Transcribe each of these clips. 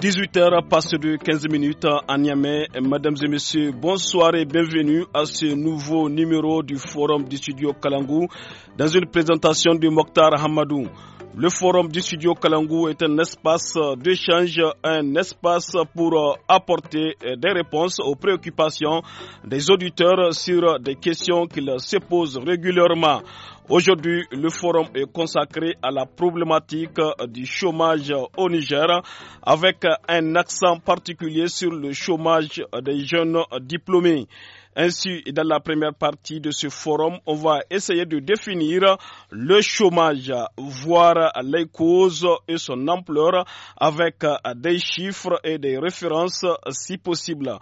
18h passe de 15 minutes à Niamey. Mesdames et messieurs, bonsoir et bienvenue à ce nouveau numéro du Forum du Studio Kalangou dans une présentation de Mokhtar Hamadou. Le forum du studio Kalangou est un espace d'échange, un espace pour apporter des réponses aux préoccupations des auditeurs sur des questions qu'ils se posent régulièrement. Aujourd'hui, le forum est consacré à la problématique du chômage au Niger avec un accent particulier sur le chômage des jeunes diplômés. Ainsi, dans la première partie de ce forum, on va essayer de définir le chômage, voir les causes et son ampleur avec des chiffres et des références si possible.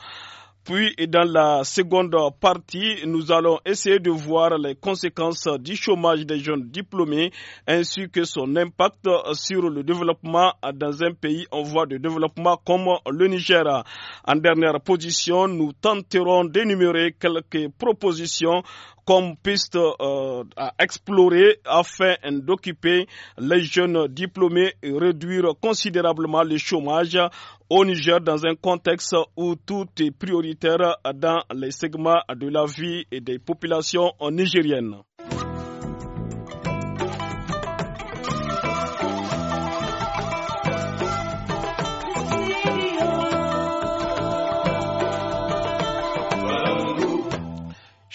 Puis, dans la seconde partie, nous allons essayer de voir les conséquences du chômage des jeunes diplômés ainsi que son impact sur le développement dans un pays en voie de développement comme le Niger. En dernière position, nous tenterons d'énumérer quelques propositions comme pistes euh, à explorer afin d'occuper les jeunes diplômés et réduire considérablement le chômage au Niger dans un contexte où tout est prioritaire dans les segments de la vie et des populations nigériennes.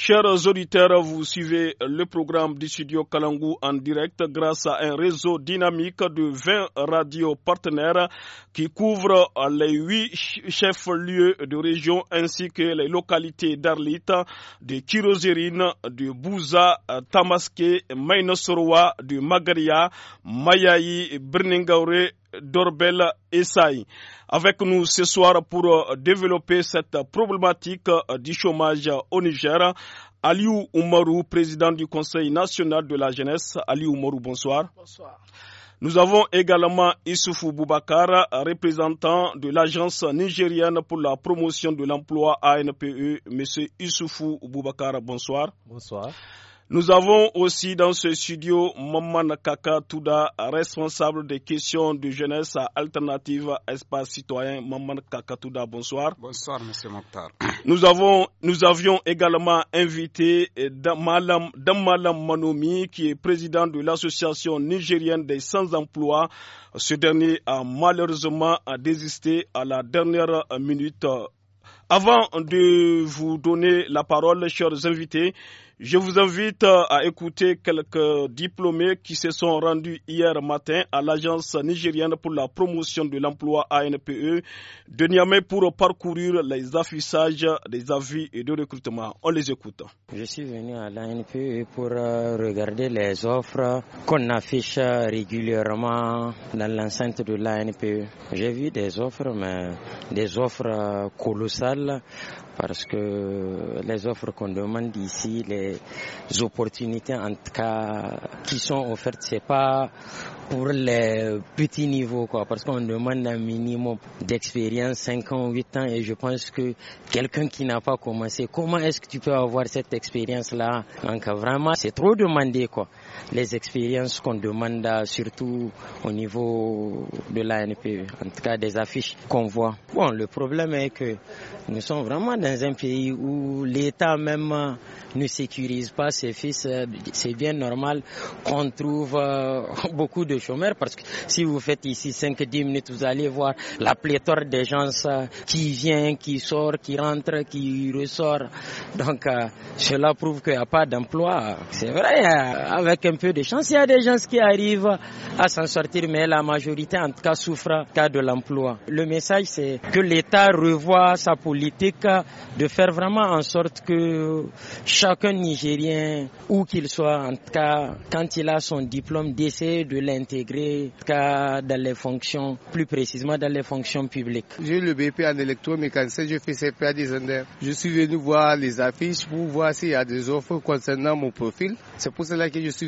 Chers auditeurs, vous suivez le programme du studio Kalangou en direct grâce à un réseau dynamique de 20 radios partenaires qui couvrent les huit chefs-lieux de région ainsi que les localités d'Arlita, de Kirozérine, de Bouza, Tamaské, Mainosoroa, de Magaria, Mayaï, Berningaure, Dorbel Essaï. Avec nous ce soir pour euh, développer cette problématique euh, du chômage au Niger, Aliou Oumarou, président du Conseil national de la jeunesse. Aliou Oumarou, bonsoir. Bonsoir. Nous avons également Issoufou Boubakar, représentant de l'Agence nigérienne pour la promotion de l'emploi ANPE. Monsieur Issoufou Boubakar, bonsoir. Bonsoir. Nous avons aussi dans ce studio Maman Kaka responsable des questions de jeunesse à Alternative Espace Citoyen. Maman Kaka bonsoir. Bonsoir, Monsieur Mokhtar. Nous, avons, nous avions également invité eh, Damalam, Manomi, qui est président de l'association nigérienne des sans-emploi. Ce dernier a malheureusement désisté à la dernière minute avant de vous donner la parole, chers invités, je vous invite euh, à écouter quelques diplômés qui se sont rendus hier matin à l'Agence nigérienne pour la promotion de l'emploi ANPE de Niamey pour parcourir les affichages des avis et de recrutement. On les écoute. Je suis venu à l'ANPE pour euh, regarder les offres qu'on affiche régulièrement dans l'enceinte de l'ANPE. J'ai vu des offres, mais des offres euh, colossales parce que les offres qu'on demande ici, les opportunités en tout cas qui sont offertes, c'est pas pour les petits niveaux quoi, parce qu'on demande un minimum d'expérience, 5 ans, 8 ans, et je pense que quelqu'un qui n'a pas commencé, comment est-ce que tu peux avoir cette expérience-là cas vraiment, c'est trop demandé quoi les expériences qu'on demande euh, surtout au niveau de l'ANP, en tout cas des affiches qu'on voit. Bon, le problème est que nous sommes vraiment dans un pays où l'État même euh, ne sécurise pas ses fils. C'est bien normal qu'on trouve euh, beaucoup de chômeurs parce que si vous faites ici 5-10 minutes, vous allez voir la pléthore des gens qui vient, qui sort, qui rentrent, qui ressort. Donc cela prouve qu'il n'y a pas d'emploi. C'est vrai, avec un peu de chance, il y a des gens qui arrivent à s'en sortir, mais la majorité, en tout cas, souffre cas de l'emploi. Le message, c'est que l'État revoit sa politique de faire vraiment en sorte que chacun Nigérien, où qu'il soit, en tout cas, quand il a son diplôme, d'essayer de l'intégrer, dans les fonctions, plus précisément dans les fonctions publiques. J'ai le BP en électromécanicien, je fais CPA des Je suis venu voir les affiches pour voir s'il y a des offres concernant mon profil. C'est pour cela que je suis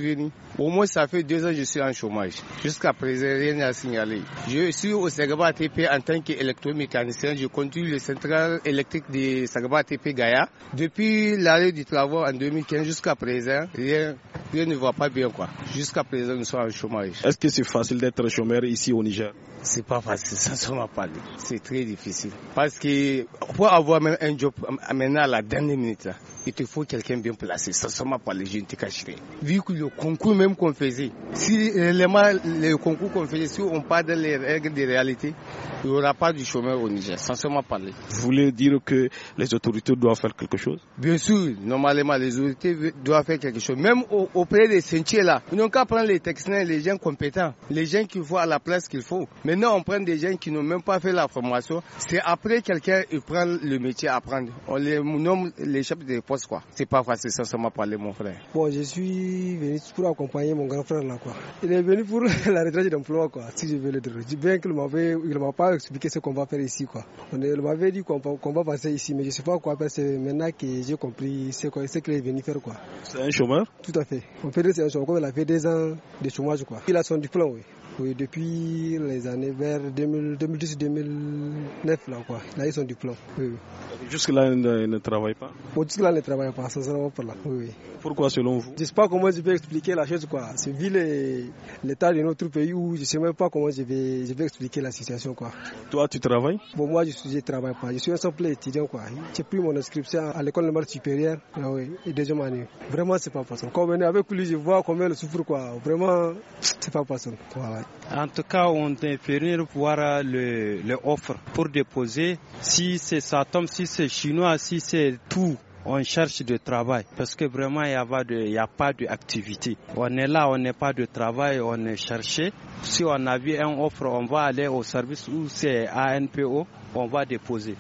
au moins ça fait deux ans que je suis en chômage jusqu'à présent rien à signalé. je suis au Sagaba TP en tant qu'électromécanicien je conduis le central électrique de Sagaba TP Gaïa depuis l'arrêt du travail en 2015 jusqu'à présent rien ne va pas bien quoi jusqu'à présent nous sommes en chômage est-ce que c'est facile d'être chômeur ici au Niger c'est pas facile, sincèrement parler. C'est très difficile. Parce que pour avoir même un job maintenant à la dernière minute, il te faut quelqu'un bien placé, sincèrement parler, je ne te cacherai. Vu que le concours même qu'on faisait, si les le concours qu'on faisait, si on parle des règles de réalité, il n'y aura pas du chômeur au Niger, seulement parler. Vous voulez dire que les autorités doivent faire quelque chose Bien sûr, normalement, les autorités doivent faire quelque chose. Même auprès des sentiers là, ils n'ont qu'à prendre les techniciens, les gens compétents, les gens qui voient à la place qu'il faut. Mais Maintenant, on prend des gens qui n'ont même pas fait la formation. C'est après quelqu'un prend le métier à prendre. On les nomme les chefs de poste quoi. C'est pas facile ça, m'a parlé mon frère. Bon, je suis venu pour accompagner mon grand frère là quoi. Il est venu pour la retraite d'emploi quoi, si je veux le dire. Bien qu'il m'avait il m'a pas expliqué ce qu'on va faire ici quoi. On il m'avait dit qu'on va passer ici mais je sais pas quoi C'est maintenant que j'ai compris ce qu'il est venu faire quoi. C'est un chômeur Tout à fait. On père c'est un chômeur, il a fait des ans de chômage quoi. Il a son diplôme oui. Oui, depuis les années vers 2010-2009, là, quoi. Il a eu son diplôme. Jusque-là, il, ne, travaille pas Jusque-là, il ne travaille pas, là. Oui, Pourquoi, selon vous Je ne sais pas comment je vais expliquer la chose, quoi. C'est vu l'état de notre pays où je ne sais même pas comment je vais, je vais expliquer la situation, quoi. Toi, tu travailles moi, je ne travaille pas. Je suis un simple étudiant, quoi. J'ai pris mon inscription à l'école normale supérieure, là, oui, et deuxième année. Vraiment, c'est pas possible. Quand on est avec lui, je vois combien il souffre, quoi. Vraiment, c'est pas possible. En tout cas, on est venir voir le, pour déposer. Si c'est Satom, si c'est chinois, si c'est tout, on cherche du travail parce que vraiment il n'y a, a, pas d'activité. On est là, on n'est pas de travail, on est cherché. Si on a vu une offre, on va aller au service où c'est ANPO, on va déposer.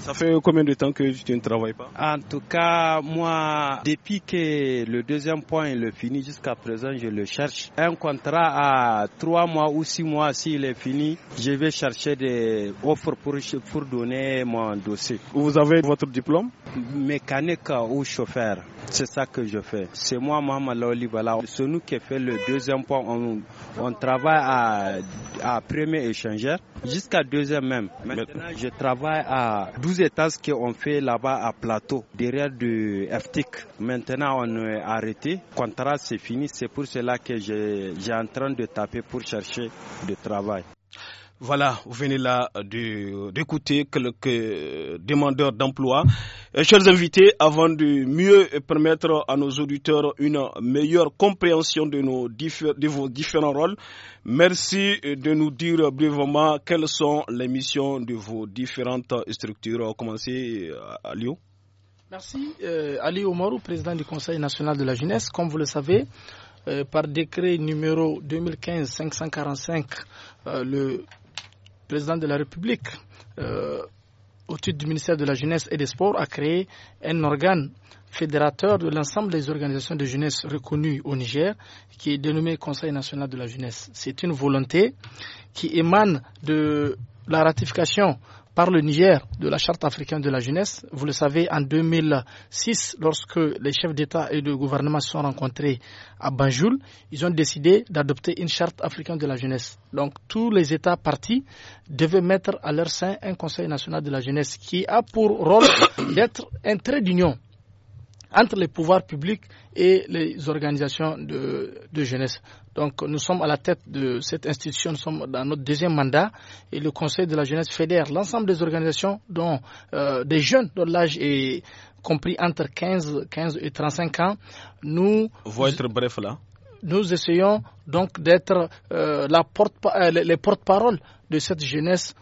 Ça fait combien de temps que tu ne travailles pas En tout cas, moi, depuis que le deuxième point est fini jusqu'à présent, je le cherche. Un contrat à trois mois ou six mois, s'il est fini, je vais chercher des offres pour, pour donner mon dossier. Vous avez votre diplôme Mécanique ou chauffeur. C'est ça que je fais. C'est moi, Mohamed Laoli C'est nous qui fait le deuxième point. On, travaille à, premier échangeur jusqu'à deuxième même. Maintenant, je travaille à 12 étages qu'on fait là-bas à plateau, derrière du FTIC. Maintenant, on est arrêté. Contrat, c'est fini. C'est pour cela que j'ai en train de taper pour chercher du travail. Voilà, vous venez là euh, d'écouter quelques demandeurs d'emploi. Euh, chers invités, avant de mieux permettre à nos auditeurs une meilleure compréhension de, nos vos différents rôles, merci de nous dire brièvement quelles sont les missions de vos différentes structures. On commencer euh, à Lyon. Merci. Euh, Ali président du Conseil national de la jeunesse. Comme vous le savez, par décret numéro 2015-545, le le président de la République, euh, au titre du ministère de la Jeunesse et des Sports, a créé un organe fédérateur de l'ensemble des organisations de jeunesse reconnues au Niger, qui est dénommé Conseil national de la jeunesse. C'est une volonté qui émane de la ratification par le Niger de la Charte africaine de la jeunesse. Vous le savez, en 2006, lorsque les chefs d'État et de gouvernement se sont rencontrés à Banjul, ils ont décidé d'adopter une Charte africaine de la jeunesse. Donc tous les États partis devaient mettre à leur sein un Conseil national de la jeunesse qui a pour rôle d'être un trait d'union entre les pouvoirs publics et les organisations de jeunesse. Donc nous sommes à la tête de cette institution, nous sommes dans notre deuxième mandat et le Conseil de la jeunesse fédère l'ensemble des organisations dont euh, des jeunes dont l'âge est compris entre 15, 15 et 35 ans. Nous... Vous être bref là nous essayons donc d'être euh, euh, les porte-parole de cette jeunesse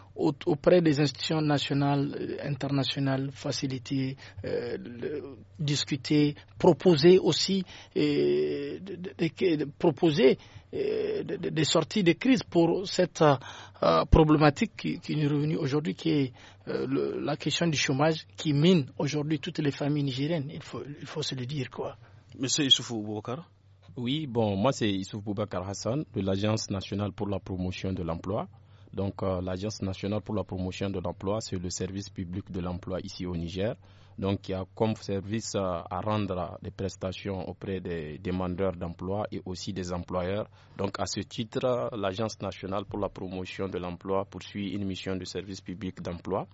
auprès des institutions nationales, euh, internationales, faciliter, discuter, proposer aussi, proposer des sorties de crise pour cette problématique qui, nous nous revenue aujourd'hui, qui est la question du chômage qui mine aujourd'hui toutes les familles nigériennes. Il faut, se le dire quoi. Monsieur Issoufou Boubacar oui, bon, moi c'est Issouf Boubacar Hassan de l'Agence nationale pour la promotion de l'emploi. Donc euh, l'Agence nationale pour la promotion de l'emploi, c'est le service public de l'emploi ici au Niger. Donc il y a comme service euh, à rendre des prestations auprès des demandeurs d'emploi et aussi des employeurs. Donc à ce titre, l'Agence nationale pour la promotion de l'emploi poursuit une mission de service public d'emploi.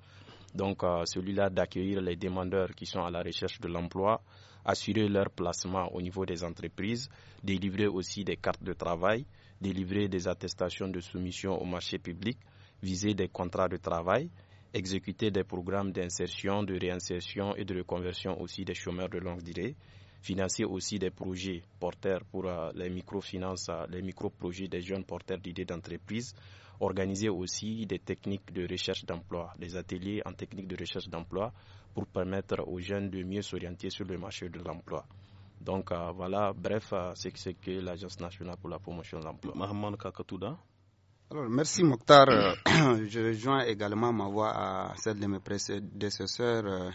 Donc euh, celui-là d'accueillir les demandeurs qui sont à la recherche de l'emploi assurer leur placement au niveau des entreprises, délivrer aussi des cartes de travail, délivrer des attestations de soumission au marché public, viser des contrats de travail, exécuter des programmes d'insertion, de réinsertion et de reconversion aussi des chômeurs de longue durée, financer aussi des projets porteurs pour euh, les microfinances, euh, les micro-projets des jeunes porteurs d'idées d'entreprise, organiser aussi des techniques de recherche d'emploi, des ateliers en techniques de recherche d'emploi pour permettre aux jeunes de mieux s'orienter sur le marché de l'emploi. Donc euh, voilà, bref, euh, c'est ce que l'Agence nationale pour la promotion de l'emploi. Alors, merci Mokhtar. Euh, je joins également ma voix à celle de mes prédécesseurs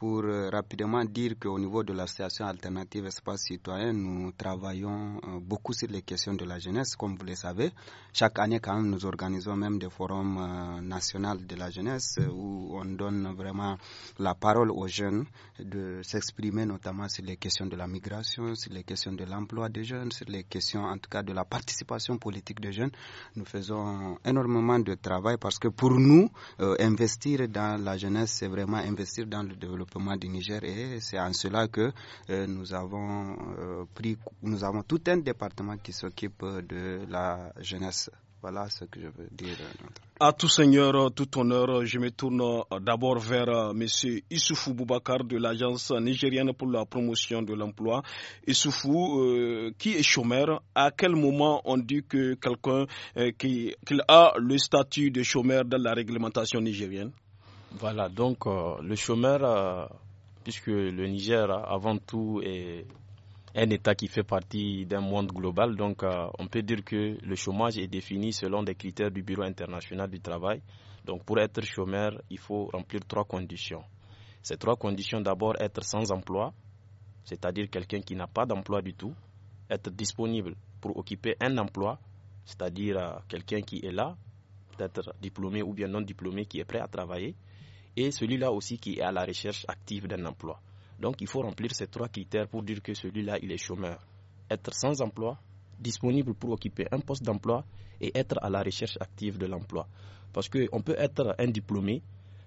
pour euh, rapidement dire qu'au niveau de l'association alternative Espace Citoyen, nous travaillons euh, beaucoup sur les questions de la jeunesse, comme vous le savez. Chaque année, quand même, nous organisons même des forums euh, nationaux de la jeunesse où on donne vraiment la parole aux jeunes de s'exprimer notamment sur les questions de la migration, sur les questions de l'emploi des jeunes, sur les questions en tout cas de la participation politique des jeunes. Nous faisons énormément de travail parce que pour nous, investir dans la jeunesse, c'est vraiment investir dans le développement du Niger et c'est en cela que euh, nous avons euh, pris, nous avons tout un département qui s'occupe de la jeunesse. Voilà ce que je veux dire. À tout seigneur, tout honneur, je me tourne d'abord vers euh, M. Issoufou Boubacar de l'Agence nigérienne pour la promotion de l'emploi. Issoufou, qui est chômeur, à quel moment on dit que quelqu'un qui, a le statut de chômeur dans la réglementation nigérienne voilà, donc euh, le chômeur, euh, puisque le Niger, avant tout, est un État qui fait partie d'un monde global, donc euh, on peut dire que le chômage est défini selon des critères du Bureau international du travail. Donc pour être chômeur, il faut remplir trois conditions. Ces trois conditions, d'abord être sans emploi, c'est-à-dire quelqu'un qui n'a pas d'emploi du tout, être disponible pour occuper un emploi, c'est-à-dire quelqu'un qui est là, peut-être diplômé ou bien non diplômé, qui est prêt à travailler et celui-là aussi qui est à la recherche active d'un emploi. Donc il faut remplir ces trois critères pour dire que celui-là, il est chômeur. Être sans emploi, disponible pour occuper un poste d'emploi et être à la recherche active de l'emploi. Parce qu'on peut être un diplômé,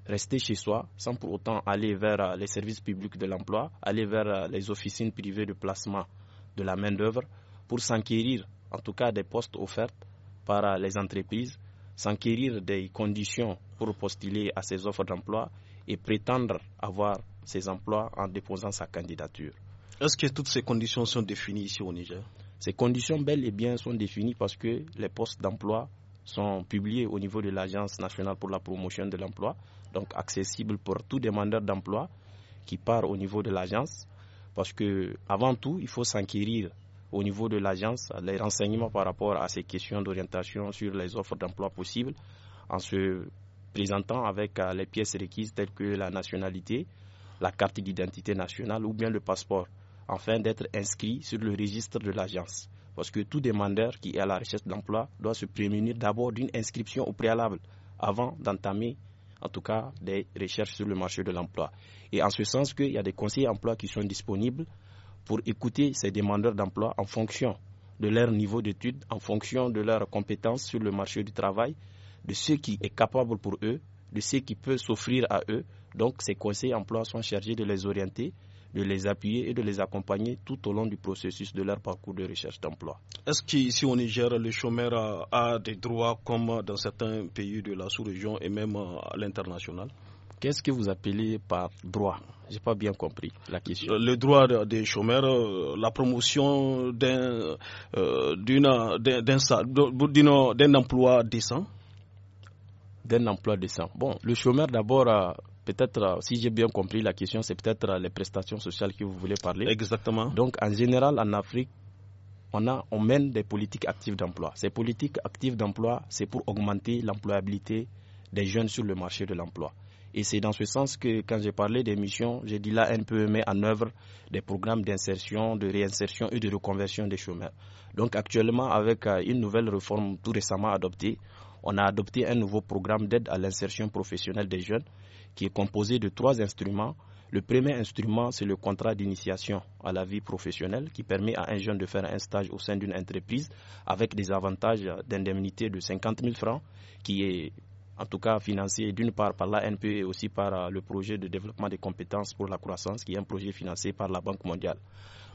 rester chez soi sans pour autant aller vers les services publics de l'emploi, aller vers les officines privées de placement de la main-d'œuvre pour s'enquérir en tout cas des postes offerts par les entreprises, s'enquérir des conditions pour postuler à ces offres d'emploi et prétendre avoir ces emplois en déposant sa candidature. Est-ce que toutes ces conditions sont définies ici au Niger Ces conditions bel et bien sont définies parce que les postes d'emploi sont publiés au niveau de l'Agence nationale pour la promotion de l'emploi, donc accessibles pour tout demandeur d'emploi qui part au niveau de l'agence. Parce que, avant tout, il faut s'enquérir au niveau de l'agence les renseignements par rapport à ces questions d'orientation sur les offres d'emploi possibles en se présentant avec euh, les pièces requises telles que la nationalité, la carte d'identité nationale ou bien le passeport, afin d'être inscrit sur le registre de l'agence. Parce que tout demandeur qui est à la recherche d'emploi doit se prémunir d'abord d'une inscription au préalable avant d'entamer en tout cas des recherches sur le marché de l'emploi. Et en ce sens qu'il y a des conseillers emploi qui sont disponibles pour écouter ces demandeurs d'emploi en fonction de leur niveau d'études, en fonction de leurs compétences sur le marché du travail, de ce qui est capable pour eux, de ce qui peut s'offrir à eux. Donc ces conseils emploi sont chargés de les orienter, de les appuyer et de les accompagner tout au long du processus de leur parcours de recherche d'emploi. Est-ce qu'ici au Niger, le chômeur a, des droits comme dans certains pays de la sous-région et même à l'international Qu'est-ce que vous appelez par droit Je n'ai pas bien compris la question. Euh, le droit des chômeurs, euh, la promotion d'un euh, emploi décent d'un emploi décent. Bon, le chômeur d'abord, euh, peut-être, euh, si j'ai bien compris la question, c'est peut-être euh, les prestations sociales que vous voulez parler. Exactement. Donc, en général, en Afrique, on, a, on mène des politiques actives d'emploi. Ces politiques actives d'emploi, c'est pour augmenter l'employabilité des jeunes sur le marché de l'emploi. Et c'est dans ce sens que, quand j'ai parlé des missions, j'ai dit là, NPE met en œuvre des programmes d'insertion, de réinsertion et de reconversion des chômeurs. Donc, actuellement, avec une nouvelle réforme tout récemment adoptée, on a adopté un nouveau programme d'aide à l'insertion professionnelle des jeunes qui est composé de trois instruments. Le premier instrument, c'est le contrat d'initiation à la vie professionnelle qui permet à un jeune de faire un stage au sein d'une entreprise avec des avantages d'indemnité de 50 000 francs qui est en tout cas financé d'une part par l'ANP et aussi par euh, le projet de développement des compétences pour la croissance, qui est un projet financé par la Banque mondiale.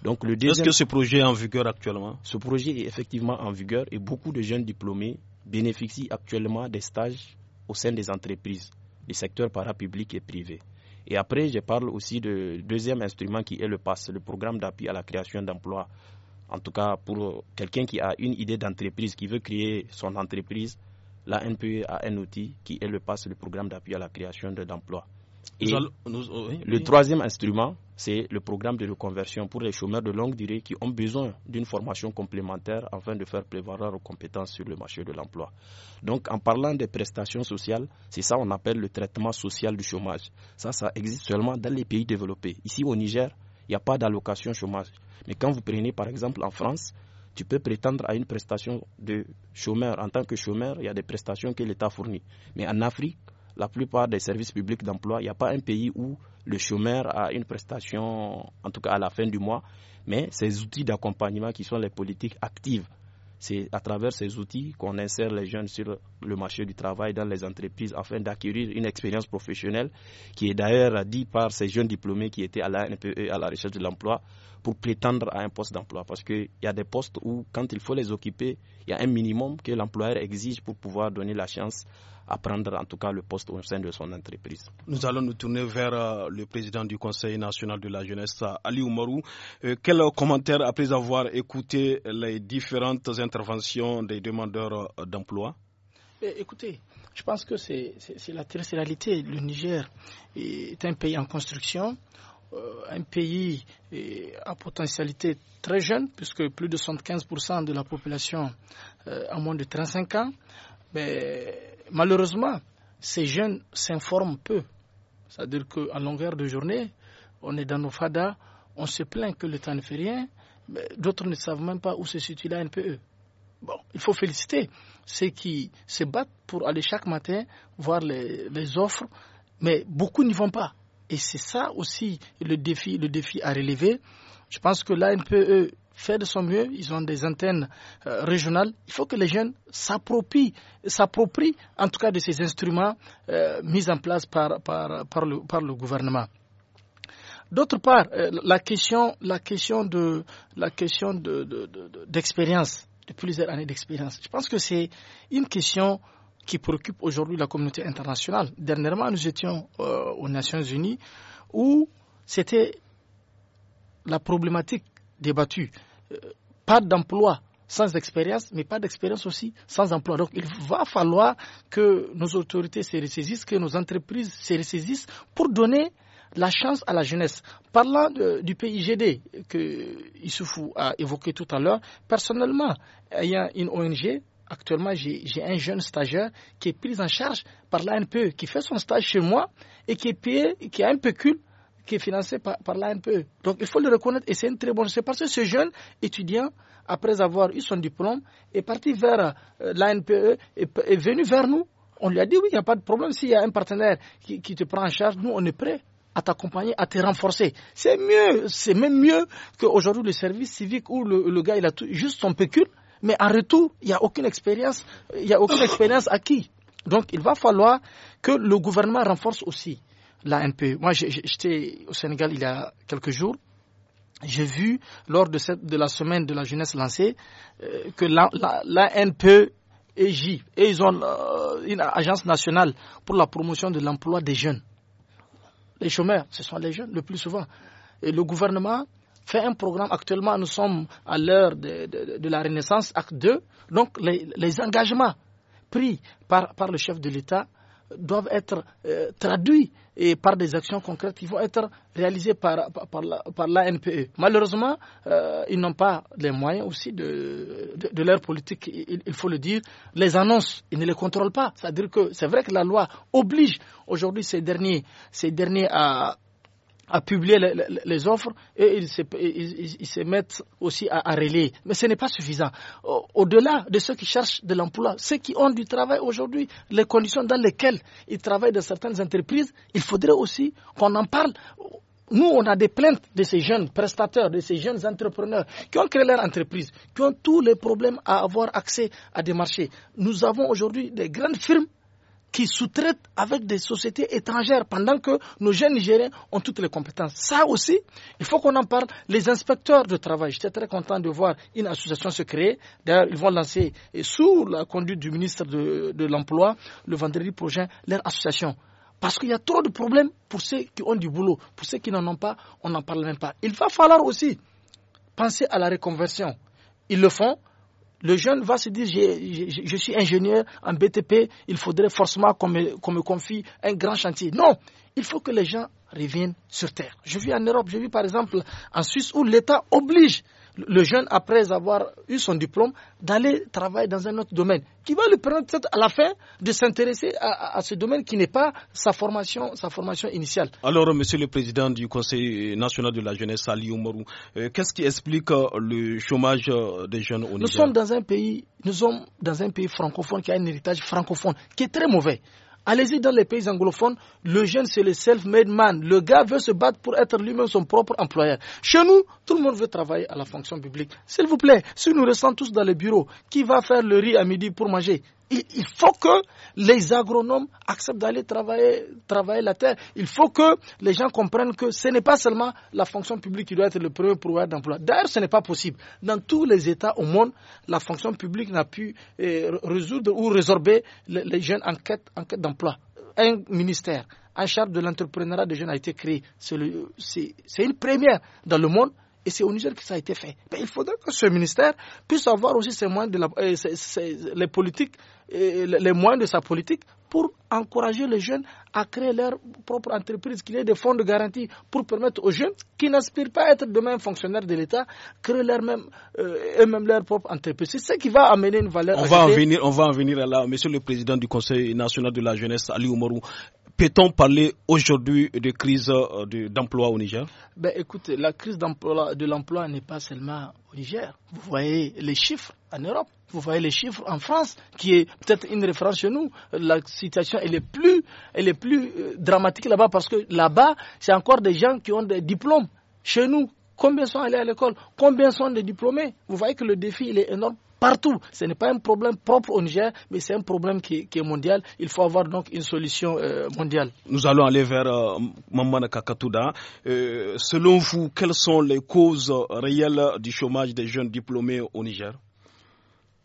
Est-ce que ce projet est en vigueur actuellement Ce projet est effectivement en vigueur et beaucoup de jeunes diplômés bénéficie actuellement des stages au sein des entreprises, des secteurs parapublic et privé. Et après, je parle aussi du de deuxième instrument qui est le PASS, le programme d'appui à la création d'emplois. En tout cas, pour quelqu'un qui a une idée d'entreprise, qui veut créer son entreprise, la NPE a un outil qui est le PASS, le programme d'appui à la création d'emplois. Oh, le troisième instrument, c'est le programme de reconversion pour les chômeurs de longue durée qui ont besoin d'une formation complémentaire afin de faire prévoir leurs compétences sur le marché de l'emploi. Donc, en parlant des prestations sociales, c'est ça qu'on appelle le traitement social du chômage. Ça, ça existe seulement dans les pays développés. Ici, au Niger, il n'y a pas d'allocation chômage. Mais quand vous prenez, par exemple, en France, tu peux prétendre à une prestation de chômeur. En tant que chômeur, il y a des prestations que l'État fournit. Mais en Afrique, la plupart des services publics d'emploi, il n'y a pas un pays où le chômeur a une prestation, en tout cas à la fin du mois, mais ces outils d'accompagnement qui sont les politiques actives, c'est à travers ces outils qu'on insère les jeunes sur le marché du travail dans les entreprises afin d'acquérir une expérience professionnelle qui est d'ailleurs dit par ces jeunes diplômés qui étaient à la e à la recherche de l'emploi, pour prétendre à un poste d'emploi. Parce qu'il y a des postes où, quand il faut les occuper, il y a un minimum que l'employeur exige pour pouvoir donner la chance à prendre en tout cas le poste au sein de son entreprise. Nous allons nous tourner vers euh, le président du Conseil national de la jeunesse, Ali Oumarou. Euh, quel commentaire après avoir écouté les différentes interventions des demandeurs euh, d'emploi eh, Écoutez, je pense que c'est la la réalité. Le Niger est un pays en construction un pays à potentialité très jeune, puisque plus de 75% de la population a moins de 35 ans. Mais malheureusement, ces jeunes s'informent peu. C'est-à-dire qu'en longueur de journée, on est dans nos fadas, on se plaint que le temps ne fait rien, mais d'autres ne savent même pas où se situe la NPE. Bon, il faut féliciter ceux qui se battent pour aller chaque matin voir les, offres, mais beaucoup n'y vont pas. Et c'est ça aussi le défi, le défi à relever. Je pense que la NPE fait de son mieux, ils ont des antennes euh, régionales. Il faut que les jeunes s'approprient, en tout cas de ces instruments euh, mis en place par, le, gouvernement. D'autre part, euh, la question, de la question d'expérience, de, plusieurs années d'expérience, je pense que c'est une question qui préoccupe aujourd'hui la communauté internationale. Dernièrement, nous étions aux Nations Unies où c'était la problématique débattue. Euh, pas d'emploi sans expérience, mais pas d'expérience aussi sans emploi. Donc il va falloir que nos autorités se ressaisissent, que nos entreprises se ressaisissent pour donner la chance à la jeunesse. Parlant du PIGD que Issoufou a évoqué tout à l'heure, personnellement, ayant une ONG, actuellement j'ai un jeune stagiaire qui est pris en charge par l'ANPE, qui fait son stage chez moi et qui est payé, qui a un pécule qui est financé par, l'ANPE. Donc il faut le reconnaître et c'est une très bonne. C'est parce que ce jeune étudiant, après avoir eu son diplôme, est parti vers euh, l'ANPE, est, venu vers nous. On lui a dit oui, il n'y a pas de problème. S'il y a un partenaire qui, te prend en charge, nous on est prêts à t'accompagner, à te renforcer. C'est mieux, c'est même mieux qu'aujourd'hui le service civique où le, gars il a juste son pécule, mais en retour, il n'y a aucune expérience, il n'y a aucune expérience acquise. Donc il va falloir que le gouvernement renforce aussi E. Moi, j'étais au Sénégal il y a quelques jours. J'ai vu, lors de, cette, la semaine de la jeunesse lancée, euh, que la e et J, et ils ont euh, une agence nationale pour la promotion de l'emploi des jeunes. Les chômeurs, ce sont les jeunes le plus souvent. Et le gouvernement fait un programme. Actuellement, nous sommes à l'heure de, de, la Renaissance, acte 2. Donc, les, engagements pris par le chef de l'État doivent être euh, traduits et par des actions concrètes qui vont être réalisées par, la, par l'ANPE. Malheureusement, euh, ils n'ont pas les moyens aussi de, de, leur politique, il, faut le dire. Les annonces, ils ne les contrôlent pas. C'est-à-dire que c'est vrai que la loi oblige aujourd'hui ces derniers à, à publier les, offres et ils se, ils, se, mettent aussi à, relayer. Mais ce n'est pas suffisant. Au-delà de ceux qui cherchent de l'emploi, ceux qui ont du travail aujourd'hui, les conditions dans lesquelles ils travaillent dans certaines entreprises, il faudrait aussi qu'on en parle. Nous, on a des plaintes de ces jeunes prestataires, de ces jeunes entrepreneurs qui ont créé leur entreprise, qui ont tous les problèmes à avoir accès à des marchés. Nous avons aujourd'hui des grandes firmes qui sous-traitent avec des sociétés étrangères pendant que nos jeunes Nigériens ont toutes les compétences. Ça aussi, il faut qu'on en parle. Les inspecteurs de travail, j'étais très content de voir une association se créer. D'ailleurs, ils vont lancer, sous la conduite du ministre de, de l'Emploi, le vendredi prochain, leur association. Parce qu'il y a trop de problèmes pour ceux qui ont du boulot. Pour ceux qui n'en ont pas, on n'en parle même pas. Il va falloir aussi penser à la reconversion. Ils le font, le jeune va se dire je, suis ingénieur en BTP, il faudrait forcément qu'on me, me, confie un grand chantier. Non, il faut que les gens reviennent sur terre. Je vis en Europe, je vis par exemple en Suisse où l'État oblige le jeune, après avoir eu son diplôme, d'aller travailler dans un autre domaine, qui va lui permettre à la fin de s'intéresser à, ce domaine qui n'est pas sa formation, sa formation initiale. Alors, Monsieur le Président du Conseil national de la jeunesse, Ali Oumarou, euh, qu'est-ce qui explique euh, le chômage euh, des jeunes au Niger Nous sommes dans un pays, nous sommes dans un pays francophone qui a un héritage francophone qui est très mauvais. Allez-y dans les pays anglophones, le jeune c'est le self-made man. Le gars veut se battre pour être lui-même son propre employeur. Chez nous, tout le monde veut travailler à la fonction publique. S'il vous plaît, si nous restons tous dans les bureaux, qui va faire le riz à midi pour manger il, faut que les agronomes acceptent d'aller travailler, la terre. Il faut que les gens comprennent que ce n'est pas seulement la fonction publique qui doit être le premier pouvoir d'emploi. D'ailleurs, ce n'est pas possible. Dans tous les États au monde, la fonction publique n'a pu eh, résoudre ou résorber les, jeunes en quête, d'emploi. Un ministère un charge de l'entrepreneuriat des jeunes a été créé. C'est une première dans le monde. Et c'est au Niger que ça a été fait. Mais il faudrait que ce ministère puisse avoir aussi les moyens de sa politique pour encourager les jeunes à créer leur propre entreprise, qu'il y ait des fonds de garantie pour permettre aux jeunes qui n'aspirent pas à être demain fonctionnaires de l'État, créer euh, eux-mêmes leur propre entreprise. C'est ce qui va amener une valeur. On, va en, venir, on va en venir à là, Monsieur le Président du Conseil national de la jeunesse, Ali Oumarou peut-on parler aujourd'hui de crise euh, d'emploi au Niger ben, Écoutez, la crise de l'emploi n'est pas seulement au Niger. Vous voyez les chiffres en Europe, vous voyez les chiffres en France, qui est peut-être une référence chez nous. La situation est plus, plus euh, dramatique là-bas parce que là-bas, c'est encore des gens qui ont des diplômes. Chez nous, combien sont allés à l'école Combien sont des diplômés Vous voyez que le défi est énorme partout. Ce n'est pas un problème propre au Niger, mais c'est un problème qui, est mondial. Il faut avoir donc une solution euh, mondiale. Nous allons aller vers euh, Mamana Kakatouda. Euh, selon vous, quelles sont les causes réelles du chômage des jeunes diplômés au Niger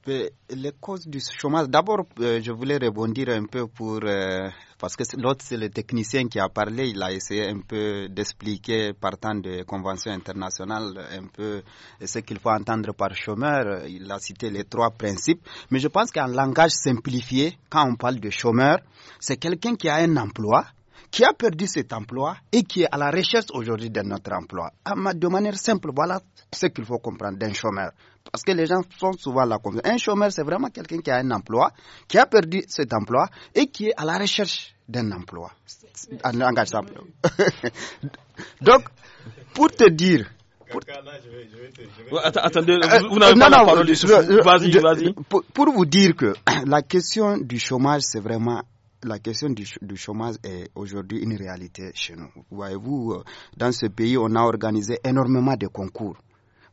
euh, les causes du chômage, d'abord, euh, je voulais rebondir un peu pour. Euh, parce que l'autre, c'est le technicien qui a parlé. Il a essayé un peu d'expliquer, partant de conventions internationales, un peu ce qu'il faut entendre par chômeur. Il a cité les trois principes. Mais je pense qu'en langage simplifié, quand on parle de chômeur, c'est quelqu'un qui a un emploi, qui a perdu cet emploi et qui est à la recherche aujourd'hui d'un autre emploi. De manière simple, voilà ce qu'il faut comprendre d'un chômeur. Parce que les gens sont souvent là comme Un chômeur, c'est vraiment quelqu'un qui a un emploi, qui a perdu cet emploi et qui est à la recherche d'un emploi. Donc, pour te dire Attendez, euh, vous, n'avez euh, pas la parole. Vas-y, vas-y. Pour, vous dire que la question du chômage, c'est vraiment la question du, chômage est aujourd'hui une réalité chez nous. Voyez-vous, euh, dans ce pays, on a organisé énormément de concours.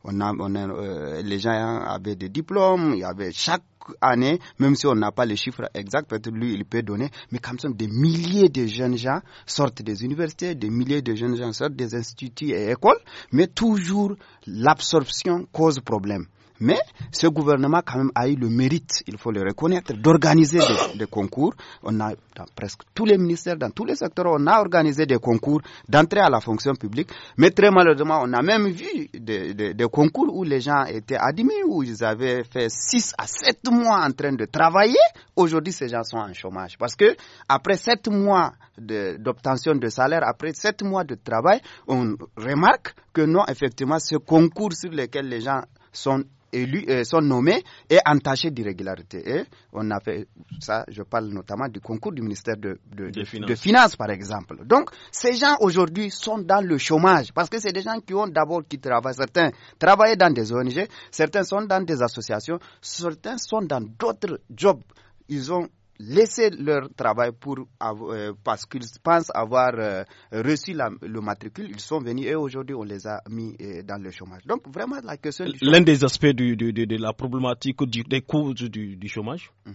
On euh, les gens avaient des diplômes, il y avait chaque année, même si on n'a pas les chiffres exacts, peut-être lui il peut donner, mais comme ça, des milliers de jeunes gens sortent des universités, des milliers de jeunes gens sortent des instituts et écoles, mais toujours l'absorption cause problème. Mais ce gouvernement quand même a eu le mérite, il faut le reconnaître, d'organiser des, concours. On a dans presque tous les ministères, dans tous les secteurs, on a organisé des concours d'entrée à la fonction publique. Mais très malheureusement, on a même vu des, concours où les gens étaient admis, où ils avaient fait 6 à 7 mois en train de travailler. Aujourd'hui, ces gens sont en chômage parce que après 7 mois d'obtention de, salaire, après 7 mois de travail, on remarque que non, effectivement, ce concours sur lequel les gens sont élus, euh, sont nommés et entachés d'irrégularité. Et on a fait ça, je parle notamment du concours du ministère de, de, finances. par exemple. Donc, ces gens aujourd'hui sont dans le chômage parce que c'est des gens qui ont d'abord qui travaillent. Certains travaillent dans des ONG, certains sont dans des associations, certains sont dans d'autres jobs. Ils ont laisser leur travail pour, euh, parce qu'ils pensent avoir euh, reçu le matricule. Ils sont venus et aujourd'hui, on les a mis euh, dans le chômage. Donc, vraiment, la question. L'un des aspects de, de, la problématique des causes du, chômage hmm.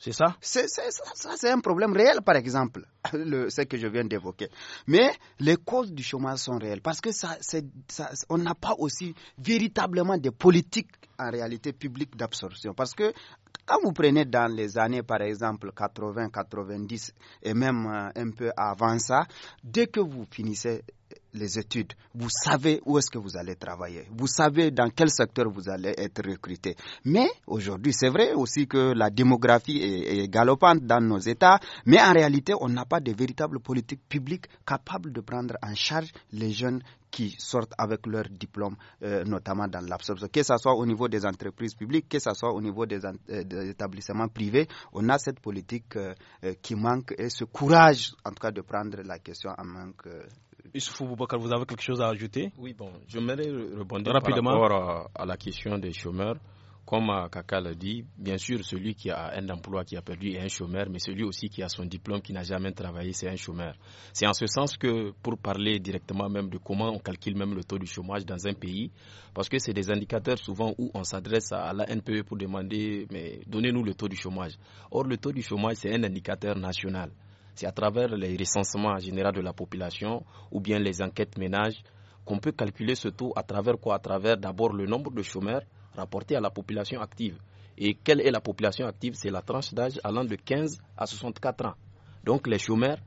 C'est ça c'est, ça, c'est un problème réel, par exemple, le, ce que je viens d'évoquer. Mais les causes du chômage sont réelles parce que ça, on n'a pas aussi véritablement des politiques en réalité publiques d'absorption. Parce que quand vous prenez dans les années, par exemple, 80, 90 et même euh, un peu avant ça, dès que vous finissez les études, vous savez où est-ce que vous allez travailler, vous savez dans quel secteur vous allez être recruté. Mais aujourd'hui, c'est vrai aussi que la démographie est, galopante dans nos États, mais en réalité, on n'a pas de véritable politique publique capable de prendre en charge les jeunes qui sortent avec leur diplôme, euh, notamment dans l'absorption. Que ce soit au niveau des entreprises publiques, que ce soit au niveau euh, des, établissements privés, on a cette politique euh, qui manque et ce courage, en tout cas, de prendre la question en main. Issoufou Boubacar, vous avez quelque chose à ajouter Oui, bon, je voudrais rebondir rapidement par rapport euh, à, la question des chômeurs. Comme euh, Kaka l'a dit, bien sûr, celui qui a un emploi qui a perdu est un chômeur, mais celui aussi qui a son diplôme, qui n'a jamais travaillé, c'est un chômeur. C'est en ce sens que, pour parler directement même de comment on calcule même le taux du chômage dans un pays, parce que c'est des indicateurs souvent où on s'adresse à la NPE pour demander, mais donnez-nous le taux du chômage. Or, le taux du chômage, c'est un indicateur national. C'est à travers les recensements généraux de la population ou bien les enquêtes ménages qu'on peut calculer ce taux à travers quoi À travers d'abord le nombre de chômeurs rapporté à la population active. Et quelle est la population active C'est la tranche d'âge allant de 15 à 64 ans. Donc les chômeurs,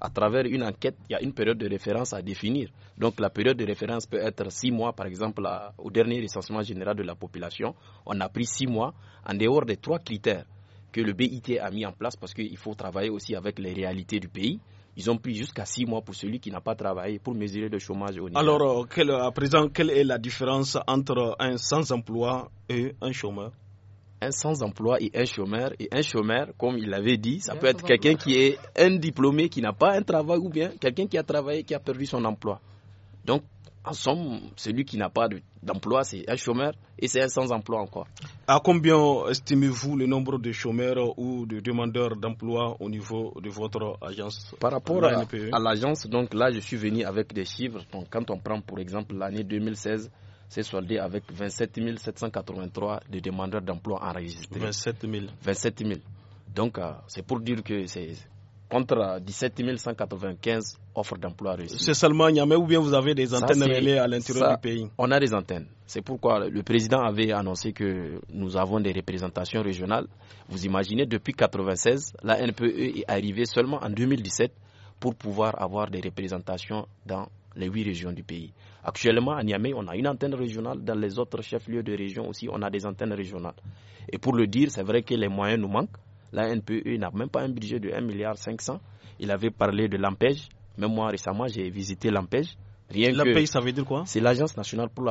à travers une enquête, il y a une période de référence à définir. Donc la période de référence peut être 6 mois, par exemple, au dernier recensement général de la population. On a pris 6 mois en dehors des trois critères que le BIT a mis en place parce qu'il faut travailler aussi avec les réalités du pays. Ils ont pris jusqu'à six mois pour celui qui n'a pas travaillé pour mesurer le chômage au niveau. Alors, euh, à présent, quelle est la différence entre un sans-emploi et un chômeur un sans-emploi et un chômeur. Et un chômeur, comme il l'avait dit, ça peut être quelqu'un qui est un diplômé qui n'a pas un travail ou bien quelqu'un qui a travaillé qui a perdu son emploi. Donc, en somme, celui qui n'a pas d'emploi, c'est un chômeur et c'est un sans-emploi encore. À combien estimez-vous le nombre de chômeurs ou de demandeurs d'emploi au niveau de votre agence Par rapport à, l'agence, donc là, je suis venu avec des chiffres. Donc, quand on prend, par exemple, l'année 2016, c'est soldé avec 27 783 de demandeurs d'emploi enregistrés. 27 000. 27 000. Donc, euh, c'est pour dire que c'est contre 17 195 offres d'emploi réussies. C'est seulement Niamey ou bien vous avez des antennes relayées à l'intérieur du pays On a des antennes. C'est pourquoi le président avait annoncé que nous avons des représentations régionales. Vous imaginez, depuis 1996, la NPE est arrivée seulement en 2017 pour pouvoir avoir des représentations dans les huit régions du pays. Actuellement, à Niamey, on a une antenne régionale. Dans les autres chefs-lieux de région aussi, on a des antennes régionales. Et pour le dire, c'est vrai que les moyens nous manquent la NPE n'a même pas un budget de 1,5 milliard Il avait parlé de l'Ampège. Même moi, récemment, j'ai visité l'Ampège. Rien ça veut dire quoi C'est l'Agence nationale pour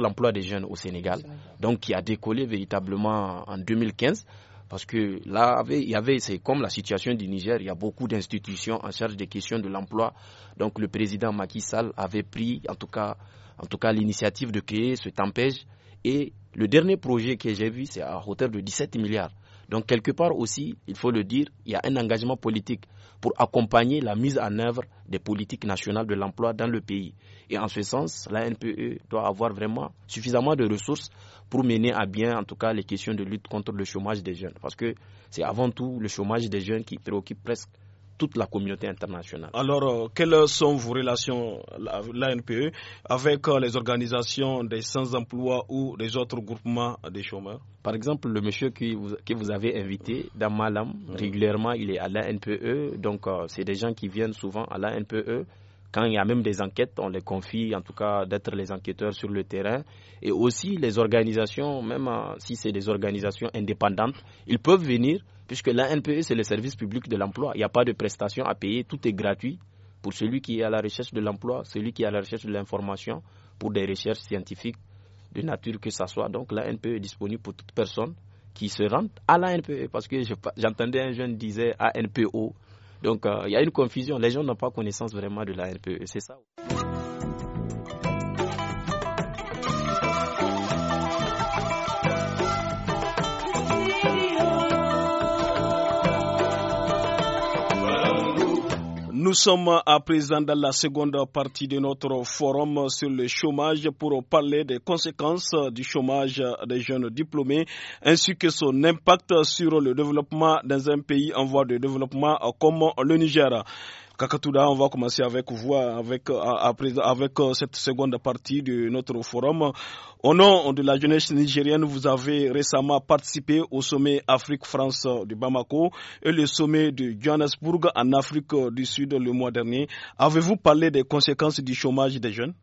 l'emploi des jeunes au Sénégal. Donc, qui a décollé véritablement en 2015 parce que là, il y avait, c'est comme la situation du Niger, il y a beaucoup d'institutions en charge des questions de l'emploi. Donc le président Macky Sall avait pris, en tout cas, en tout cas l'initiative de créer ce tempège. Et le dernier projet que j'ai vu, c'est à hauteur de 17 milliards. Donc quelque part aussi, il faut le dire, il y a un engagement politique pour accompagner la mise en œuvre des politiques nationales de l'emploi dans le pays. Et en ce sens, la NPE doit avoir vraiment suffisamment de ressources pour mener à bien, en tout cas, les questions de lutte contre le chômage des jeunes. Parce que c'est avant tout le chômage des jeunes qui préoccupe presque toute la communauté internationale. Alors, euh, quelles sont vos relations, l'ANPE, avec euh, les organisations des sans-emploi ou des autres groupements des chômeurs Par exemple, le monsieur qui vous, que vous avez invité, Damalam, mmh. régulièrement, il est à l'ANPE, donc euh, c'est des gens qui viennent souvent à l'ANPE. Quand il y a même des enquêtes, on les confie en tout cas d'être les enquêteurs sur le terrain. Et aussi les organisations, même euh, si c'est des organisations indépendantes, ils peuvent venir puisque la NPE c'est le service public de l'emploi. Il n'y a pas de prestations à payer, tout est gratuit pour celui qui est à la recherche de l'emploi, celui qui est à la recherche de l'information, pour des recherches scientifiques de nature que ça soit. Donc la NPE est disponible pour toute personne qui se rend à la NPE parce que j'entendais un jeune disait ANPO donc euh, il y a une confusion. Les gens n'ont pas connaissance vraiment de la RPE. C'est ça. Nous sommes à présent dans la seconde partie de notre forum sur le chômage pour parler des conséquences du chômage des jeunes diplômés ainsi que son impact sur le développement dans un pays en voie de développement comme le Niger. Kakatouda, on va commencer avec vous, avec, euh, euh, cette seconde partie de notre forum. Au nom de la jeunesse nigérienne, vous avez récemment participé au sommet Afrique-France de Bamako et le sommet de Johannesburg en Afrique du Sud le mois dernier. Avez-vous parlé des conséquences du chômage des jeunes?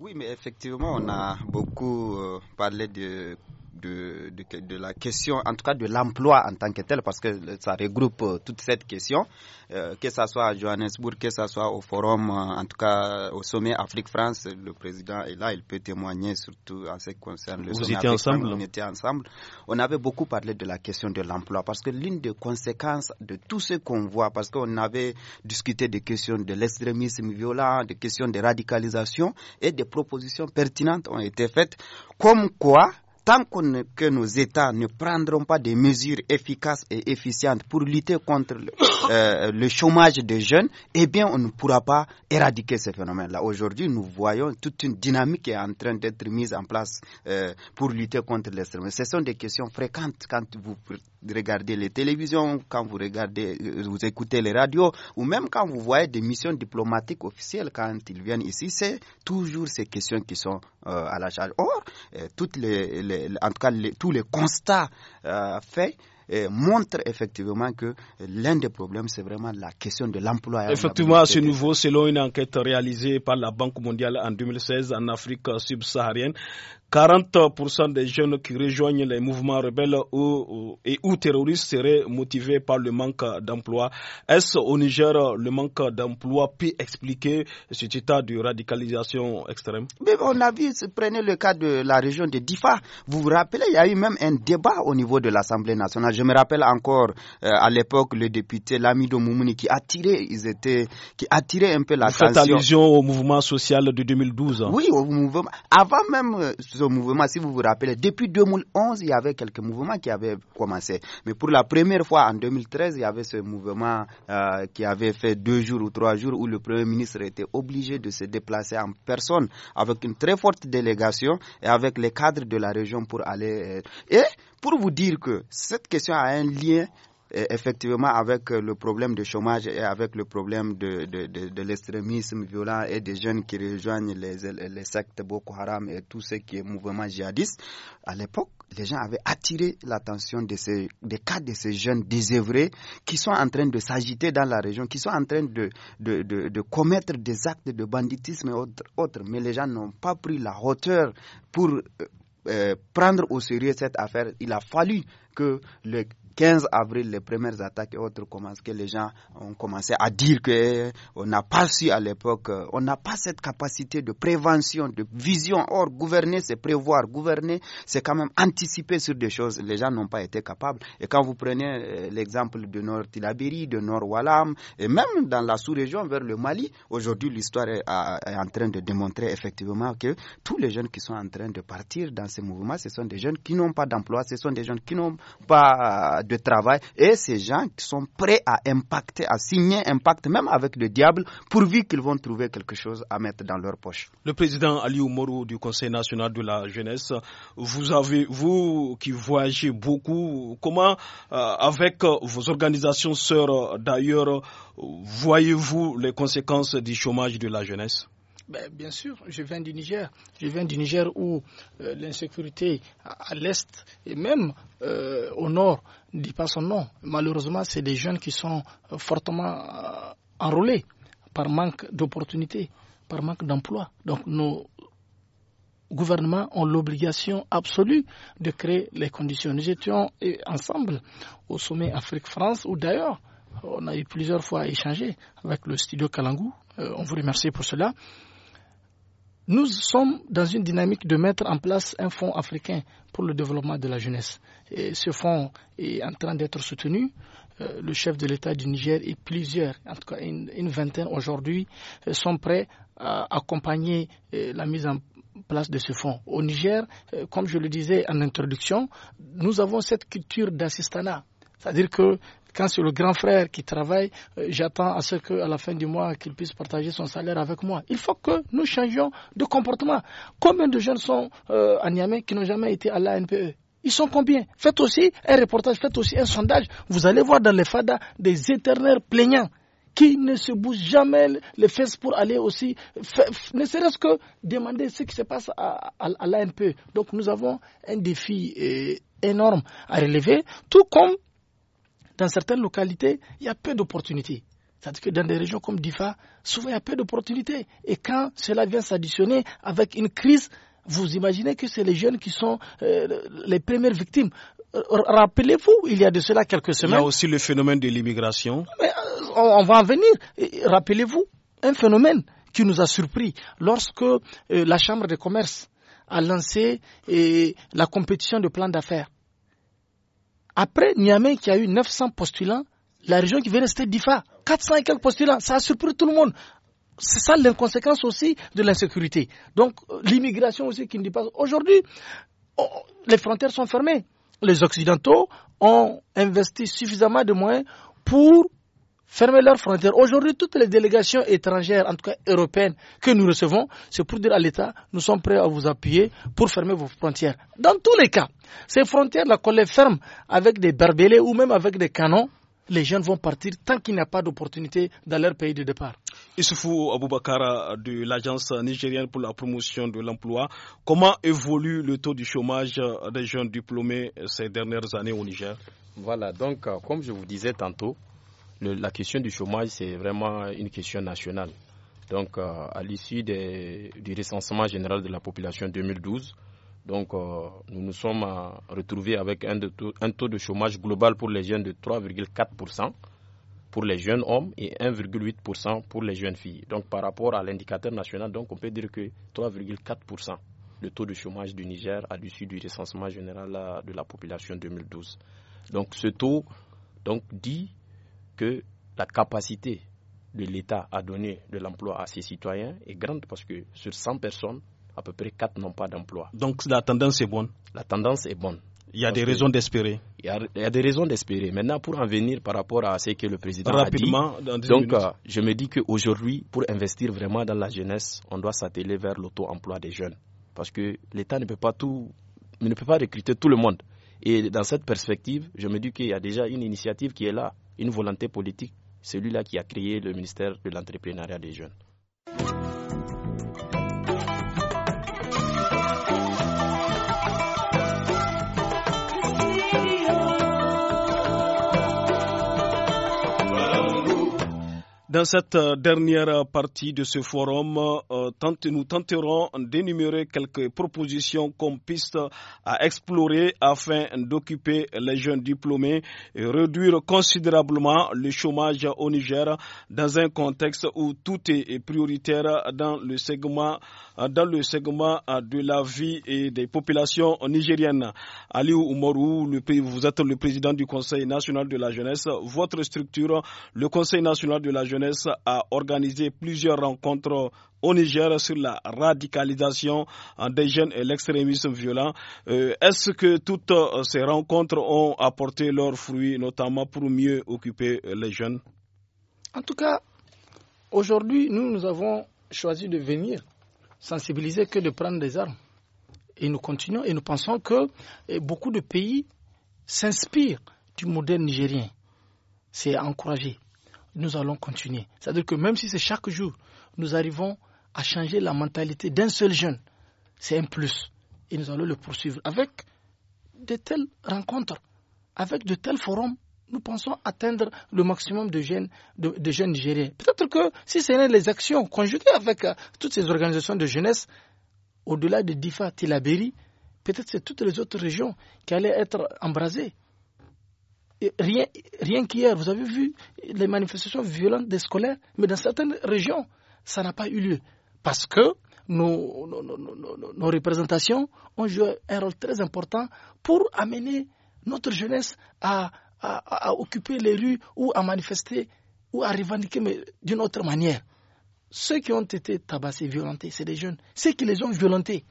Oui, mais effectivement, on a beaucoup euh, parlé de de, de, de, la question, en tout cas de l'emploi en tant que tel, parce que ça regroupe euh, toute cette question, euh, que ce soit à Johannesburg, que ce soit au forum, euh, en tout cas au sommet Afrique-France, le président est là, il peut témoigner surtout en ce qui concerne le Vous sommet étiez ensemble On était ensemble. On avait beaucoup parlé de la question de l'emploi, parce que l'une des conséquences de tout ce qu'on voit, parce qu'on avait discuté des questions de l'extrémisme violent, des questions de radicalisation, et des propositions pertinentes ont été faites, comme quoi tant que nos États ne prendront pas des mesures efficaces et efficientes pour lutter contre euh, le, chômage des jeunes, eh bien, on ne pourra pas éradiquer ce phénomène-là. Aujourd'hui, nous voyons toute une dynamique qui est en train d'être mise en place euh, pour lutter contre l'extrême. Ce sont des questions fréquentes quand vous regardez les télévisions, quand vous regardez, euh, vous écoutez les radios, ou même quand vous voyez des missions diplomatiques officielles quand ils viennent ici, c'est toujours ces questions qui sont à la charge. Or, toutes les en tout cas tous les constats euh, faits montrent effectivement que l'un des problèmes, c'est vraiment la question de l'emploi. Effectivement, à ce niveau, selon une enquête réalisée par la Banque mondiale en 2016 en Afrique subsaharienne 40% des jeunes qui rejoignent les mouvements rebelles ou, et ou terroristes seraient motivés par le manque d'emploi. Est-ce au Niger le manque d'emploi peut expliquer cet état de radicalisation extrême Mais On a vu, prenez le cas de la région de Difa. Vous vous rappelez, il y a eu même un débat au niveau de l'Assemblée nationale. Je me rappelle encore euh, à l'époque le député Lamido Moumouni qui attirait, ils étaient, qui attirait un peu l'attention. Vous faites allusion au mouvement social de 2012. Oui, au mouvement. Avant même. Euh, Mouvement, si vous vous rappelez, depuis 2011, il y avait quelques mouvements qui avaient commencé. Mais pour la première fois en 2013, il y avait ce mouvement euh, qui avait fait deux jours ou trois jours où le Premier ministre était obligé de se déplacer en personne avec une très forte délégation et avec les cadres de la région pour aller. Euh, et pour vous dire que cette question a un lien effectivement, avec euh, le problème de chômage et avec le problème de, de, l'extrémisme violent et des jeunes qui rejoignent les, les sectes Boko Haram et tout ce qui est mouvement djihadiste, à l'époque, les gens avaient attiré l'attention de ces, des cas de ces jeunes désœuvrés qui sont en train de s'agiter dans la région, qui sont en train de, de, de, commettre des actes de banditisme et autres. Mais les gens n'ont pas pris la hauteur pour euh, euh, prendre au sérieux cette affaire. Il a fallu que le, 15 avril, les premières attaques et autres commencent, que les gens ont commencé à dire que on n'a pas su à l'époque, on n'a pas cette capacité de prévention, de vision. Or, gouverner, c'est prévoir. Gouverner, c'est quand même anticiper sur des choses. Les gens n'ont pas été capables. Et quand vous prenez euh, l'exemple de Nord tilabiri de Nord Walam, et même dans la sous-région vers le Mali, aujourd'hui, l'histoire est, en train de démontrer effectivement que tous les jeunes qui sont en train de partir dans ces mouvements, ce sont des jeunes qui n'ont pas d'emploi, ce sont des jeunes qui n'ont pas de travail et ces gens qui sont prêts à impacter, à signer un pacte même avec le diable pourvu qu'ils vont trouver quelque chose à mettre dans leur poche. Le président Ali Oumourou du Conseil national de la jeunesse, vous avez, vous qui voyagez beaucoup, comment euh, avec euh, vos organisations sœurs euh, d'ailleurs, voyez-vous les conséquences du chômage de la jeunesse ben, bien sûr, je viens du Niger. Je viens du Niger où euh, l'insécurité à, l'est et même euh, au nord ne dit pas son nom. Malheureusement, c'est des jeunes qui sont euh, fortement enrôlés par manque d'opportunités, par manque d'emplois. Donc nos gouvernements ont l'obligation absolue de créer les conditions. Nous étions ensemble au sommet Afrique-France où d'ailleurs on a eu plusieurs fois échangé avec le studio Kalangou. on vous remercie pour cela. Nous sommes dans une dynamique de mettre en place un fonds africain pour le développement de la jeunesse. ce fonds est en train d'être soutenu. Euh, le chef de l'État du Niger et plusieurs, en tout cas une, vingtaine aujourd'hui, euh, sont prêts à accompagner euh, la mise en place de ce fonds. Au Niger, comme je le disais en introduction, nous avons cette culture d'assistanat. C'est-à-dire que quand c'est le grand frère qui travaille, euh, j'attends à ce qu'à la fin du mois, qu'il puisse partager son salaire avec moi. Il faut que nous changions de comportement. Combien de jeunes sont euh, à Niamey qui n'ont jamais été à l'ANPE ils sont combien Faites aussi un reportage, faites aussi un sondage. Vous allez voir dans les fadas des éternels plaignants qui ne se bougent jamais les fesses pour aller aussi, ne serait-ce que demander ce qui se passe à l'ANPE. Donc nous avons un défi euh, énorme à relever, tout comme dans certaines localités, il y a peu d'opportunités. C'est-à-dire que dans des régions comme Difa, souvent il y a peu d'opportunités. Et quand cela vient s'additionner avec une crise, vous imaginez que c'est les jeunes qui sont euh, les premières victimes. Euh, rappelez-vous, il y a de cela quelques semaines. Il y a aussi le phénomène de l'immigration. Euh, on, va en venir. Rappelez-vous, un phénomène qui nous a surpris lorsque la Chambre de commerce a lancé la compétition de plans d'affaires après Niamey qui a eu 900 postulants, la région qui veut rester d'IFA, 400 et quelques postulants, ça a surpris tout le monde. C'est ça l'inconséquence aussi de l'insécurité. Donc euh, l'immigration aussi qui ne dit Aujourd'hui, oh, les frontières sont fermées. Les Occidentaux ont investi suffisamment de moyens pour fermer leurs frontières. Aujourd'hui, toutes les délégations étrangères, en tout cas européennes, que nous recevons, c'est pour dire à l'État, nous sommes prêts à vous appuyer pour fermer vos frontières. Dans tous les cas, ces frontières-là, qu'on les ferme avec des barbelés ou même avec des canons, les jeunes vont partir tant qu'il n'y a pas d'opportunité dans leur pays de départ. Issoufou Aboubakara de l'Agence nigérienne pour la promotion de l'emploi, comment évolue le taux du chômage des jeunes diplômés ces dernières années au Niger Voilà, donc euh, comme je vous disais tantôt, la question du chômage, c'est vraiment une question nationale. Donc, euh, à l'issue du recensement général de la population 2012, donc, euh, nous nous sommes euh, retrouvés avec un, taux, un, taux de chômage global pour les jeunes de 3,4% pour les jeunes hommes et 1,8% pour les jeunes filles. Donc, par rapport à l'indicateur national, on peut dire que 3,4% le taux de chômage du Niger à l'issue du recensement général de la population 2012. Donc, ce taux donc, dit que la capacité de l'État à donner de l'emploi à ses citoyens est grande parce que sur 100 personnes, à peu près 4 n'ont pas d'emploi. Donc la tendance est bonne La tendance est bonne. Il y a des raisons d'espérer. Il, y, a, des raisons d'espérer. Maintenant, pour en venir par rapport à ce que le président a dit, donc euh, je me dis qu'aujourd'hui, pour investir vraiment dans la jeunesse, on doit s'atteler vers l'auto-emploi des jeunes. Parce que l'État ne peut pas tout, ne peut pas recruter tout le monde. Et dans cette perspective, je me dis qu'il y a déjà une initiative qui est là, une volonté politique, celui-là qui a créé le ministère de l'entrepreneuriat des jeunes. Dans cette euh, dernière partie de ce forum, euh, nous tenterons d'énumérer quelques propositions comme pistes euh, à explorer afin d'occuper les jeunes diplômés et réduire considérablement le chômage au Niger dans un contexte où tout est prioritaire dans le segment, dans le segment de la vie et des populations nigériennes. Aliou Oumarou, vous êtes le président du Conseil national de la jeunesse. Votre structure, le Conseil national de la jeunesse, a organisé plusieurs rencontres au Niger sur la radicalisation euh, des jeunes et l'extrémisme violent. Euh, est-ce que toutes euh, ces rencontres ont apporté leurs fruits, notamment pour mieux occuper les jeunes En tout cas, aujourd'hui, nous, nous avons choisi de venir sensibiliser que de prendre des armes. Et nous continuons et nous pensons que eh, beaucoup de pays s'inspirent du modèle nigérien. C'est encouragé nous allons continuer. C'est-à-dire que même si c'est chaque jour, nous arrivons à changer la mentalité d'un seul jeune, c'est un plus. Et nous allons le poursuivre avec de telles rencontres, avec de tels forums. Nous pensons atteindre le maximum de jeunes, de, jeunes gérés. Peut-être que si ce n'est les actions conjuguées avec euh, toutes ces organisations de jeunesse, au-delà de Difa, Tilaberi, peut-être c'est toutes les autres régions qui allaient être embrasées. Rien, rien qu'hier, vous avez vu les manifestations violentes des scolaires, mais dans certaines régions, ça n'a pas eu lieu. Parce que nos, représentations ont joué un rôle très important pour amener notre jeunesse à, à occuper les rues ou à manifester ou à revendiquer, mais d'une autre manière. Ceux qui ont été tabassés, violentés, c'est des jeunes. Ceux qui les ont violentés,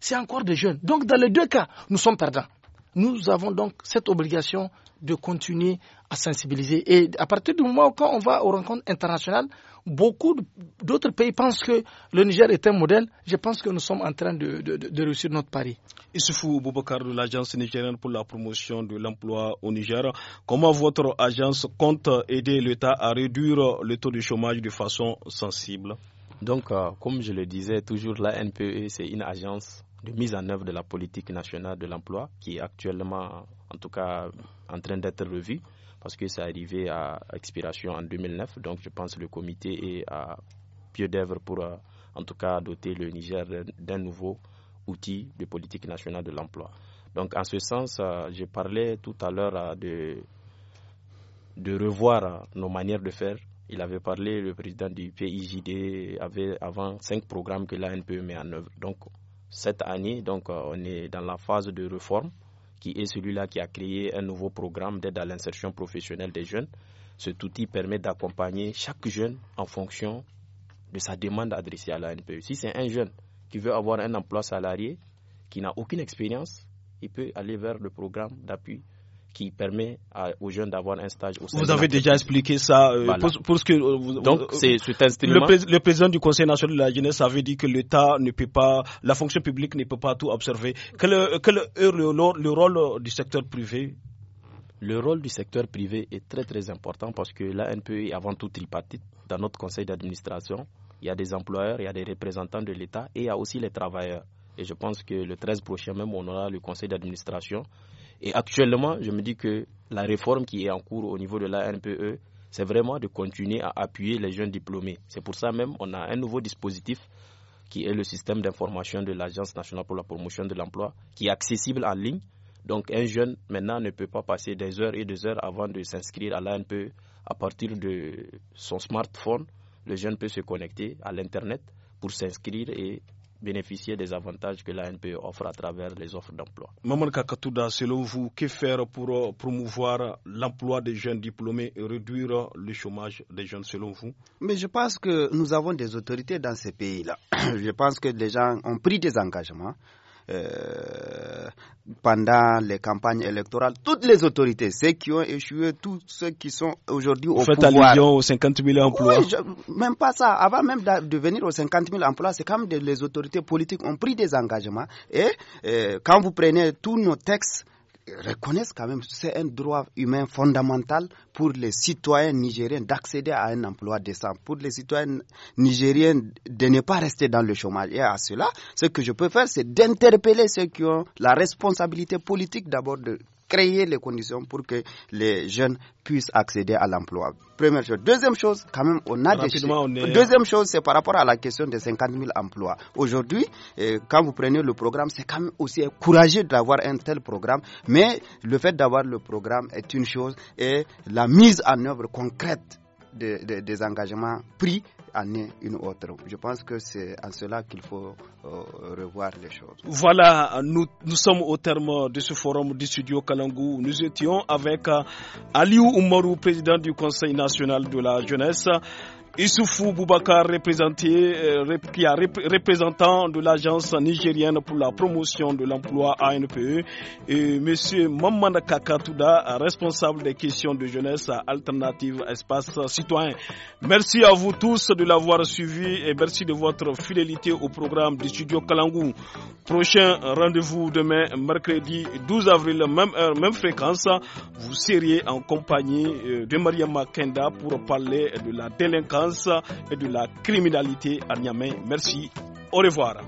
c'est encore des jeunes. Donc, dans les deux cas, nous sommes perdants. Nous avons donc cette obligation de continuer à sensibiliser. Et à partir du moment où quand on va aux rencontres internationales, beaucoup d'autres pays pensent que le Niger est un modèle. Je pense que nous sommes en train de, de, de réussir notre pari. Issoufou Boubacar de l'Agence nigérienne pour la promotion de l'emploi au Niger, comment votre agence compte aider l'État à réduire le taux de chômage de façon sensible donc, euh, comme je le disais, toujours la NPE, c'est une agence de mise en œuvre de la politique nationale de l'emploi qui est actuellement, en tout cas, en train d'être revue parce que ça arrivé à expiration en 2009. Donc, je pense que le comité est à pied d'œuvre pour, euh, en tout cas, doter le Niger d'un nouveau outil de politique nationale de l'emploi. Donc, en ce sens, euh, j'ai parlé tout à l'heure euh, de, de revoir nos manières de faire. Il avait parlé, le président du PIJD avait avant cinq programmes que l'ANPE met en œuvre. Donc, cette année, donc, euh, on est dans la phase de réforme qui est celui-là qui a créé un nouveau programme d'aide à l'insertion professionnelle des jeunes. Cet outil permet d'accompagner chaque jeune en fonction de sa demande adressée à la e. Si c'est un jeune qui veut avoir un emploi salarié, qui n'a aucune expérience, il peut aller vers le programme d'appui qui permet aux jeunes d'avoir un stage au Vous avez déjà expliqué ça. Euh, pour, ce euh, Donc, c'est euh, cet Le, président du Conseil national de la jeunesse avait dit que l'État ne peut pas, la fonction publique ne peut pas tout observer. Quel, est le, rôle du secteur privé le rôle du secteur privé est très très important parce que l'ANPE est avant tout tripartite. Dans notre conseil d'administration, il y a des employeurs, il y a des représentants de l'État et il y a aussi les travailleurs. Et je pense que le 13 prochain même, on aura le conseil d'administration et actuellement, je me dis que la réforme qui est en cours au niveau de l'ANPE, c'est vraiment de continuer à appuyer les jeunes diplômés. C'est pour ça même on a un nouveau dispositif qui est le système d'information de l'Agence nationale pour la promotion de l'emploi, qui est accessible en ligne. Donc un jeune maintenant ne peut pas passer des heures et des heures avant de s'inscrire à l'ANPE. À partir de son smartphone, le jeune peut se connecter à l'Internet pour s'inscrire et bénéficier des avantages que l'ANPE offre à travers les offres d'emploi. Maman Kakatouda, selon vous, que faire pour euh, promouvoir l'emploi des jeunes diplômés et réduire euh, le chômage des jeunes selon vous Mais je pense que nous avons des autorités dans ces pays-là. Je pense que les gens ont pris des engagements. Euh, pendant les campagnes électorales, toutes les autorités, ceux qui ont échoué, tous ceux qui sont aujourd'hui au Faites allusion aux 50 000 emplois. même pas ça. Avant même de venir aux 50 000 emplois, c'est quand même les autorités politiques ont pris des engagements. Et euh, quand vous prenez tous nos textes, reconnaissent quand même, que c'est un droit humain fondamental pour les citoyens nigériens d'accéder à un emploi décent, pour les citoyens nigériens de ne pas rester dans le chômage. Et à cela, ce que je peux faire, c'est d'interpeller ceux qui ont la responsabilité politique d'abord de créer les conditions pour que les jeunes puissent accéder à l'emploi. Première chose. Deuxième chose, quand même, on a des... Deuxième chose, c'est par rapport à la question des 50 000 emplois. Aujourd'hui, eh, quand vous prenez le programme, c'est quand même aussi courageux d'avoir un tel programme, mais le fait d'avoir le programme est une chose et la mise en œuvre concrète des engagements pris année une autre. Je pense que c'est en cela qu'il faut euh, revoir les choses. Voilà, nous, nous sommes au terme de ce forum du studio Kalangou. Nous étions avec euh, Aliou Oumarou, président du Conseil national de la jeunesse. Issoufou Boubacar, euh, représentant de l'agence nigérienne pour la promotion de l'emploi ANPE, et M. Mamman Kakatouda, responsable des questions de jeunesse à Alternative Espace Citoyen. Merci à vous tous de l'avoir suivi et merci de votre fidélité au programme du studio Kalangou. Prochain rendez-vous demain, mercredi 12 avril, même heure, même fréquence. Vous seriez en compagnie euh, de Maria Makenda pour parler de la délinquance et de la criminalité à Niamey. Merci. Au revoir.